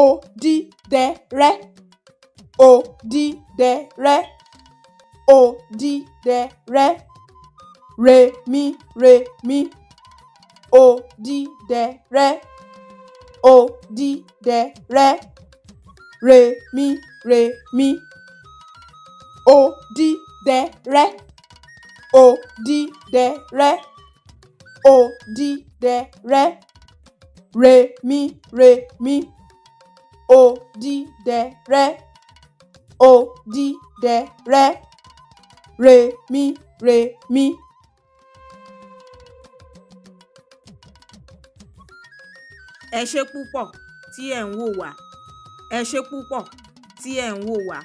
odidẹrẹ́ odidẹrẹ́ odidẹrẹ́ rẹmírẹmí odidẹrẹ́ odidẹrẹ́ rẹmírẹmí odidẹrẹ́ odidẹrẹ́ odidẹrẹ́ rẹmírẹmí. O di de odidẹrẹ́ odidẹrẹ́ rèmirèmi. ẹ ṣé púpọ̀ tí ẹ̀ ń wò wá ẹ ṣé púpọ̀ tí ẹ̀ ń wò wá.